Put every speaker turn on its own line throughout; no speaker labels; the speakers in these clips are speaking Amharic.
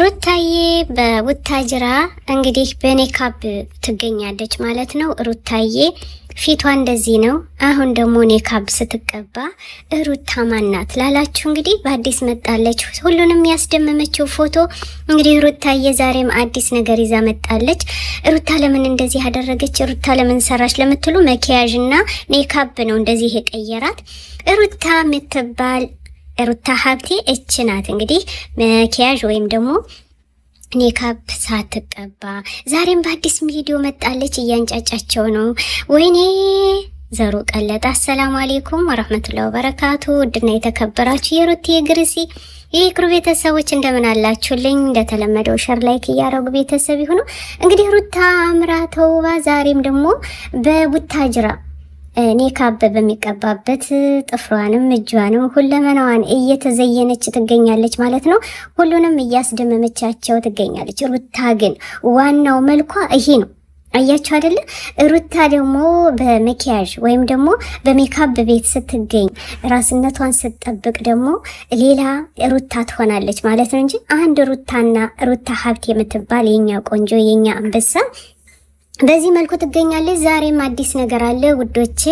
ሩታዬ በቡታጅራ እንግዲህ በኔካፕ ትገኛለች ማለት ነው። ሩታዬ ፊቷ እንደዚህ ነው። አሁን ደግሞ ኔካፕ ስትቀባ ሩታ ማናት ላላችሁ እንግዲህ በአዲስ መጣለች። ሁሉንም ያስደመመችው ፎቶ እንግዲህ ሩታዬ ዛሬም አዲስ ነገር ይዛ መጣለች። ሩታ ለምን እንደዚህ ያደረገች፣ ሩታ ለምን ሰራች ለምትሉ እና ኔካፕ ነው እንደዚህ የቀየራት ሩታ የምትባል ሩታ ሀብቴ እች ናት እንግዲህ መኪያዥ ወይም ደግሞ ኔካፕ ሳትቀባ ዛሬም በአዲስ ቪዲዮ መጣለች። እያንጫጫቸው ነው። ወይኔ ዘሩ ቀለጠ። አሰላሙ አሌይኩም ወረህመቱላ ወበረካቱ። ውድና የተከበራችሁ የሩቴ ግርሲ የክሩ ቤተሰቦች እንደምን አላችሁልኝ? እንደተለመደው ሸር ላይክ እያደረጉ ቤተሰብ ይሁኑ። እንግዲህ ሩታ አምራ ተውባ ዛሬም ደግሞ በቡታጅራ ሜካፕ በሚቀባበት ጥፍሯንም እጇንም ሁለመናዋን እየተዘየነች ትገኛለች ማለት ነው። ሁሉንም እያስደመመቻቸው ትገኛለች። ሩታ ግን ዋናው መልኳ ይሄ ነው። አያችሁ አይደለ? ሩታ ደግሞ በመኪያዥ ወይም ደግሞ በሜካፕ ቤት ስትገኝ ራስነቷን ስትጠብቅ ደግሞ ሌላ ሩታ ትሆናለች ማለት ነው እንጂ አንድ ሩታና ሩታ ሀብት የምትባል የኛ ቆንጆ የኛ አንበሳ በዚህ መልኩ ትገኛለች። ዛሬም አዲስ ነገር አለ ውዶቼ።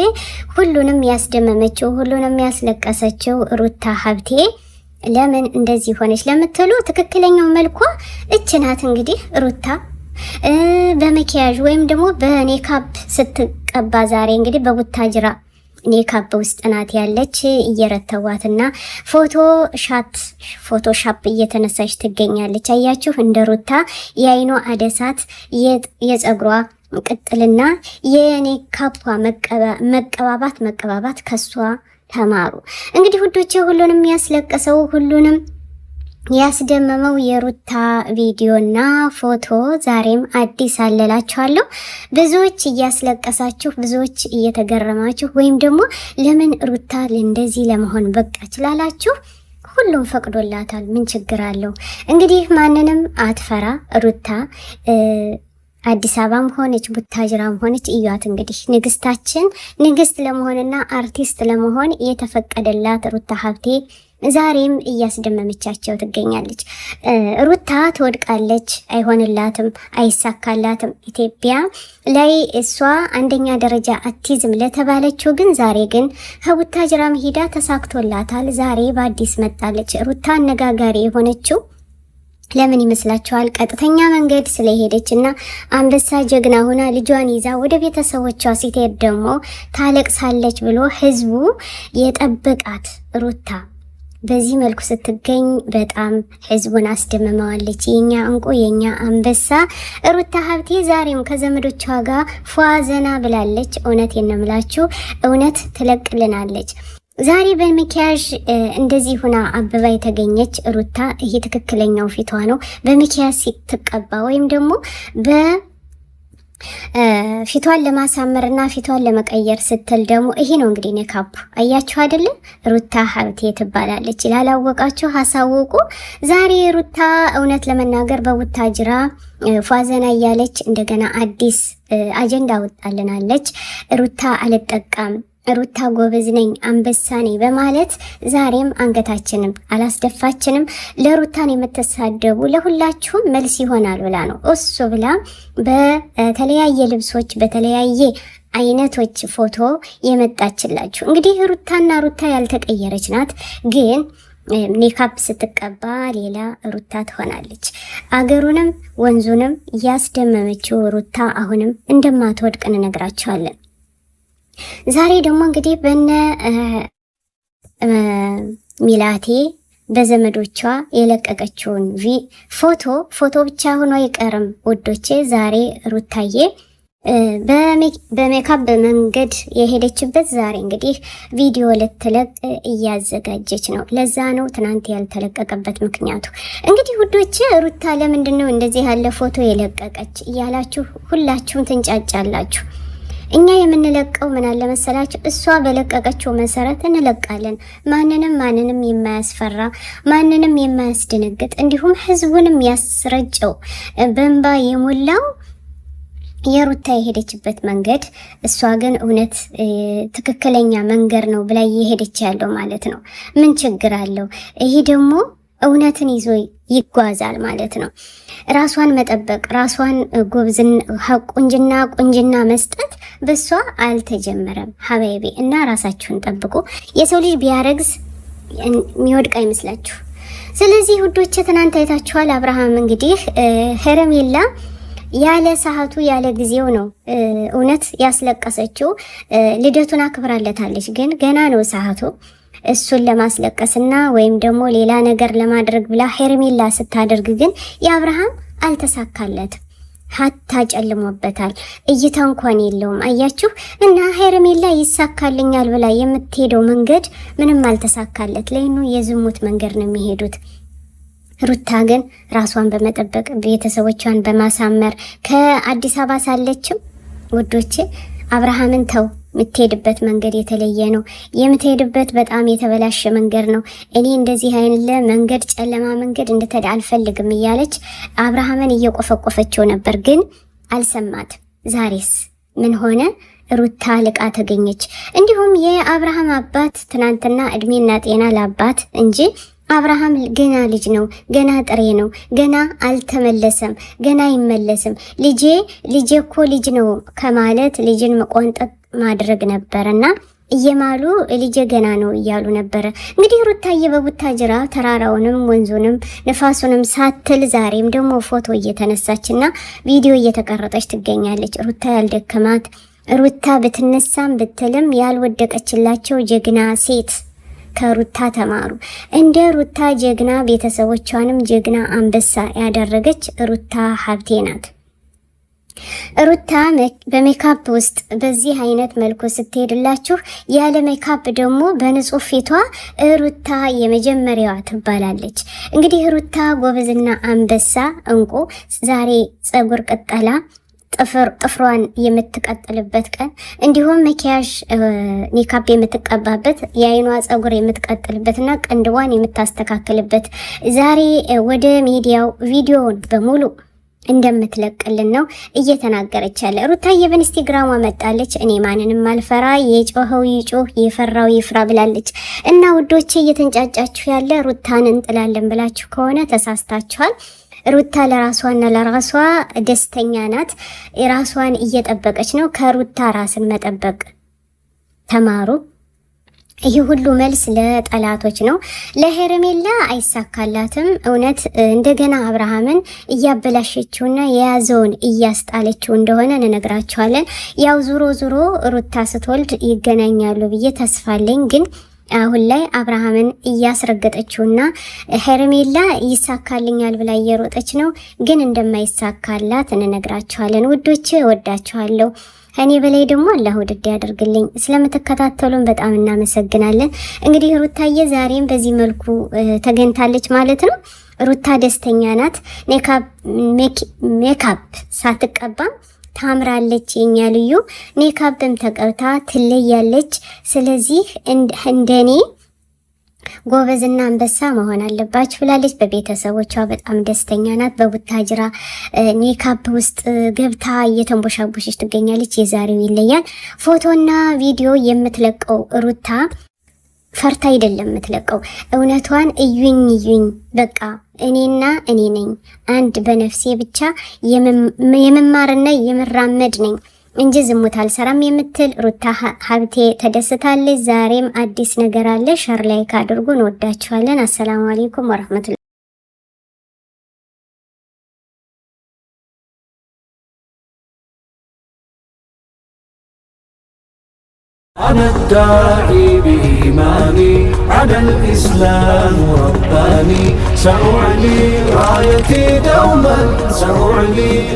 ሁሉንም ያስደመመችው ሁሉንም ያስለቀሰችው ሩታ ሀብቴ ለምን እንደዚህ ሆነች ለምትሉ ትክክለኛው መልኩ እች ናት። እንግዲህ ሩታ በመኪያዥ ወይም ደግሞ በኔካፕ ስትቀባ ዛሬ እንግዲህ በቡታጅራ ኔካፕ ውስጥ ናት ያለች። እየረተዋትና ፎቶሻት ፎቶሻፕ እየተነሳች ትገኛለች። አያችሁ እንደ ሩታ የአይኗ አደሳት የፀጉሯ ቅጥልና የኔ ካፓ መቀባባት መቀባባት ከሷ ተማሩ። እንግዲህ ውዶቼ ሁሉንም ያስለቀሰው ሁሉንም ያስደመመው የሩታ ቪዲዮና ፎቶ ዛሬም አዲስ አለላችኋለሁ። ብዙዎች እያስለቀሳችሁ፣ ብዙዎች እየተገረማችሁ ወይም ደግሞ ለምን ሩታ እንደዚህ ለመሆን በቃ ችላላችሁ። ሁሉም ፈቅዶላታል። ምን ችግር አለው? እንግዲህ ማንንም አትፈራ ሩታ አዲስ አበባም ሆነች ቡታጅራም ሆነች እያት እንግዲህ ንግስታችን ንግስት ለመሆንና አርቲስት ለመሆን የተፈቀደላት ሩታ ሀብቴ ዛሬም እያስደመመቻቸው ትገኛለች። ሩታ ትወድቃለች፣ አይሆንላትም፣ አይሳካላትም። ኢትዮጵያ ላይ እሷ አንደኛ ደረጃ አቲዝም ለተባለችው ግን ዛሬ ግን ከቡታጅራም ሂዳ ተሳክቶላታል። ዛሬ በአዲስ መጣለች ሩታ አነጋጋሪ የሆነችው ለምን ይመስላችኋል? ቀጥተኛ መንገድ ስለሄደች እና አንበሳ ጀግና ሆና ልጇን ይዛ ወደ ቤተሰቦቿ ሲትሄድ ደግሞ ታለቅሳለች ብሎ ህዝቡ የጠበቃት ሩታ በዚህ መልኩ ስትገኝ በጣም ህዝቡን አስደምመዋለች። የኛ እንቁ የኛ አንበሳ ሩታ ሀብቴ ዛሬም ከዘመዶቿ ጋር ፏዘና ብላለች። እውነት የነምላችሁ እውነት ትለቅልናለች። ዛሬ በመኪያዥ እንደዚህ ሁና አበባ የተገኘች ሩታ ይሄ ትክክለኛው ፊቷ ነው። በመኪያዥ ሲትቀባ ወይም ደግሞ በ ፊቷን ለማሳመርና ፊቷን ለመቀየር ስትል ደግሞ ይሄ ነው እንግዲህ ሜካፕ አያችሁ አይደለ? ሩታ ሀብቴ ትባላለች። ላላወቃችሁ አሳውቁ። ዛሬ ሩታ እውነት ለመናገር በቡታጅራ ፏዘና እያለች እንደገና አዲስ አጀንዳ ወጣልናለች። ሩታ አልጠቃም ሩታ ጎበዝ ነኝ አንበሳ ነኝ በማለት ዛሬም አንገታችንም አላስደፋችንም። ለሩታን የምትሳደቡ ለሁላችሁም መልስ ይሆናል ብላ ነው እሱ ብላ በተለያየ ልብሶች በተለያየ አይነቶች ፎቶ የመጣችላችሁ። እንግዲህ ሩታና ሩታ ያልተቀየረች ናት ግን ሜካፕ ስትቀባ ሌላ ሩታ ትሆናለች። አገሩንም ወንዙንም ያስደመመችው ሩታ አሁንም እንደማትወድቅ እንነግራቸዋለን። ዛሬ ደግሞ እንግዲህ በነ ሚላቴ በዘመዶቿ የለቀቀችውን ፎቶ ፎቶ ብቻ ሆኖ አይቀርም ውዶቼ። ዛሬ ሩታዬ በሜካፕ በመንገድ የሄደችበት ዛሬ እንግዲህ ቪዲዮ ልትለቅ እያዘጋጀች ነው። ለዛ ነው ትናንት ያልተለቀቀበት ምክንያቱ። እንግዲህ ውዶች ሩታ ለምንድን ነው እንደዚህ ያለ ፎቶ የለቀቀች እያላችሁ ሁላችሁም ትንጫጫላችሁ። እኛ የምንለቀው ምን አለ መሰላችሁ፣ እሷ በለቀቀችው መሰረት እንለቃለን። ማንንም ማንንም የማያስፈራ ማንንም የማያስደነግጥ እንዲሁም ህዝቡንም ያስረጨው በእንባ የሞላው የሩታ የሄደችበት መንገድ እሷ ግን እውነት ትክክለኛ መንገድ ነው ብላ እየሄደች ያለው ማለት ነው። ምን ችግር አለው? ይህ ደግሞ እውነትን ይዞ ይጓዛል ማለት ነው። ራሷን መጠበቅ፣ ራሷን ቁንጅና ቁንጅና መስጠት በሷ አልተጀመረም ሀበይቢ እና ራሳችሁን ጠብቁ። የሰው ልጅ ቢያረግዝ የሚወድቅ አይመስላችሁ። ስለዚህ ውዶች ትናንት አይታችኋል። አብርሃም እንግዲህ ሄረሜላ ያለ ሰዓቱ ያለ ጊዜው ነው እውነት ያስለቀሰችው። ልደቱን አክብራለታለች፣ ግን ገና ነው ሰዓቱ። እሱን ለማስለቀስና ወይም ደግሞ ሌላ ነገር ለማድረግ ብላ ሄርሜላ ስታደርግ ግን የአብርሃም አልተሳካለትም። ሀታ ጨልሞበታል። እይታ እንኳን የለውም። አያችሁ እና ሄርሜላ ይሳካልኛል ብላ የምትሄደው መንገድ ምንም አልተሳካለት። ለይኑ የዝሙት መንገድ ነው የሚሄዱት። ሩታ ግን ራሷን በመጠበቅ ቤተሰቦቿን በማሳመር ከአዲስ አበባ ሳለችም ውዶቼ አብርሃምን ተው የምትሄድበት መንገድ የተለየ ነው። የምትሄድበት በጣም የተበላሸ መንገድ ነው። እኔ እንደዚህ አይነት መንገድ፣ ጨለማ መንገድ እንድትሄድ አልፈልግም እያለች አብርሃምን እየቆፈቆፈችው ነበር፣ ግን አልሰማት ዛሬስ ምን ሆነ? ሩታ ልቃ ተገኘች። እንዲሁም የአብርሃም አባት ትናንትና እድሜና ጤና ለአባት እንጂ አብርሃም ገና ልጅ ነው፣ ገና ጥሬ ነው፣ ገና አልተመለሰም፣ ገና አይመለስም። ልጄ ልጄ እኮ ልጅ ነው ከማለት ልጅን መቆንጠጥ ማድረግ እና እየማሉ ልጄ ገና ነው እያሉ ነበረ። እንግዲህ ሩታዬ በቡታጅራ ተራራውንም ወንዙንም ንፋሱንም ሳትል ዛሬም ደግሞ ፎቶ እየተነሳችና ቪዲዮ እየተቀረጠች ትገኛለች። ሩታ ያልደከማት ሩታ ብትነሳም ብትልም ያልወደቀችላቸው ጀግና ሴት ከሩታ ተማሩ። እንደ ሩታ ጀግና ቤተሰቦቿንም ጀግና አንበሳ ያደረገች ሩታ ሀብቴ ናት። ሩታ በሜካፕ ውስጥ በዚህ አይነት መልኩ ስትሄድላችሁ ያለ ሜካፕ ደግሞ በንጹህ ፊቷ ሩታ የመጀመሪያዋ ትባላለች። እንግዲህ ሩታ ጎበዝና አንበሳ እንቁ ዛሬ ጸጉር ቅጠላ ጥፍሯን የምትቀጥልበት ቀን እንዲሁም መኪያዥ ኔካፕ የምትቀባበት የአይኗ ፀጉር የምትቀጥልበትና ቅንድቧን የምታስተካክልበት ዛሬ ወደ ሚዲያው ቪዲዮውን በሙሉ እንደምትለቅልን ነው እየተናገረች ያለ። ሩታዬ በኢንስታግራሟ መጣለች። እኔ ማንንም አልፈራ፣ የጮኸው ይጮህ፣ የፈራው ይፍራ ብላለች። እና ውዶቼ እየተንጫጫችሁ ያለ ሩታን እንጥላለን ብላችሁ ከሆነ ተሳስታችኋል። ሩታ ለራሷና ለራሷ ደስተኛ ናት። ራሷን እየጠበቀች ነው። ከሩታ ራስን መጠበቅ ተማሩ። ይህ ሁሉ መልስ ለጠላቶች ነው። ለሄርሜላ አይሳካላትም። እውነት እንደገና አብርሃምን እያበላሸችውና የያዘውን እያስጣለችው እንደሆነ እንነግራቸዋለን። ያው ዙሮ ዙሮ ሩታ ስትወልድ ይገናኛሉ ብዬ ተስፋለኝ ግን አሁን ላይ አብርሃምን እያስረገጠችውና ሄርሜላ ይሳካልኛል ብላ እየሮጠች ነው፣ ግን እንደማይሳካላት እንነግራችኋለን። ውዶች ወዳችኋለሁ። እኔ በላይ ደግሞ አላህ ውድድ ያደርግልኝ። ስለምትከታተሉን በጣም እናመሰግናለን። እንግዲህ ሩታዬ ዛሬም በዚህ መልኩ ተገኝታለች ማለት ነው። ሩታ ደስተኛ ናት። ሜካፕ ሳትቀባም ታምራለች። የኛ ልዩ ሜካፕም ተቀብታ ትለያለች። ስለዚህ እንደኔ ጎበዝና አንበሳ መሆን አለባችሁ ብላለች። በቤተሰቦቿ በጣም ደስተኛ ናት። በቡታጅራ ሜካፕ ውስጥ ገብታ እየተንቦሻቦሸች ትገኛለች። የዛሬው ይለያል። ፎቶና ቪዲዮ የምትለቀው ሩታ ፈርታ አይደለም የምትለቀው እውነቷን እዩኝ እዩኝ በቃ እኔና እኔ ነኝ አንድ በነፍሴ ብቻ የመማርና የመራመድ ነኝ እንጂ ዝሙት አልሰራም የምትል ሩታ ሀብቴ ተደስታለች። ዛሬም አዲስ ነገር አለ። ሸር ላይክ አድርጉ። እንወዳችኋለን። አሰላሙ አሌይኩም ወረህመቱላ أنا الداعي بإيماني على الإسلام رباني سأعلي رايتي دوما سأعلي